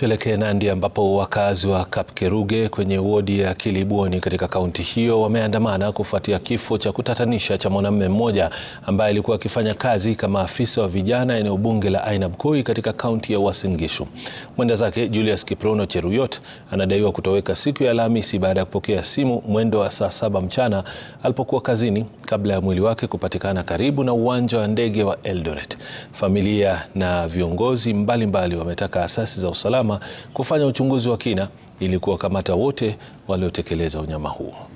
Tuelekee Nandi ambapo wakazi wa Kapkeruge kwenye wodi ya Kilibwoni katika kaunti hiyo wameandamana kufuatia kifo cha kutatanisha cha mwanamume mmoja ambaye alikuwa akifanya kazi kama afisa wa vijana eneo bunge la Ainabkoi katika kaunti ya Uasin Gishu. Mwenda zake Julius Kiprono Cheruyot anadaiwa kutoweka siku ya Alhamisi baada ya kupokea simu mwendo wa saa saba mchana alipokuwa kazini kabla ya mwili wake kupatikana karibu na uwanja wa ndege wa Eldoret. Familia na viongozi mbalimbali wametaka asasi za usalama mahakama kufanya uchunguzi wa kina ili kuwakamata wote waliotekeleza unyama huo.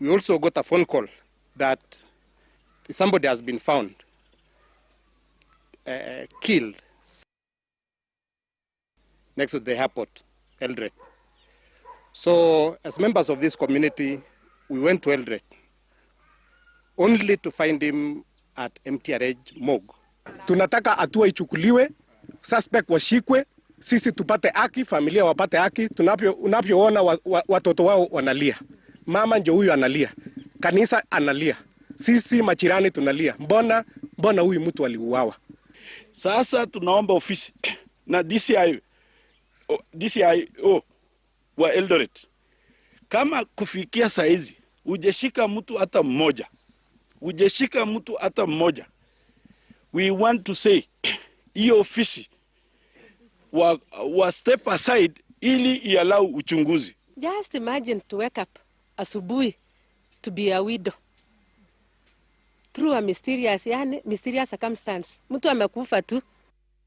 We also got a phone call that somebody has been found uh, killed next to the airport, Eldoret. So as members of this community, we went to Eldoret only to find him at MTRH morgue tunataka hatua ichukuliwe, suspect washikwe, sisi tupate haki, familia wapate haki. Unavyoona wa, wa, watoto wao wanalia, mama ndio huyu analia, kanisa analia, sisi machirani tunalia, mbona mbona huyu mtu aliuawa? Sasa tunaomba ofisi na DCI, o, wa Eldoret kama kufikia saizi ujeshika mtu hata mmoja, ujeshika mtu hata mmoja we want to say hiyo ofisi wa, wa step aside ili ialau uchunguzi. Just imagine to wake up asubuhi to be a widow through a mysterious, yani mysterious circumstance. Mtu amekufa tu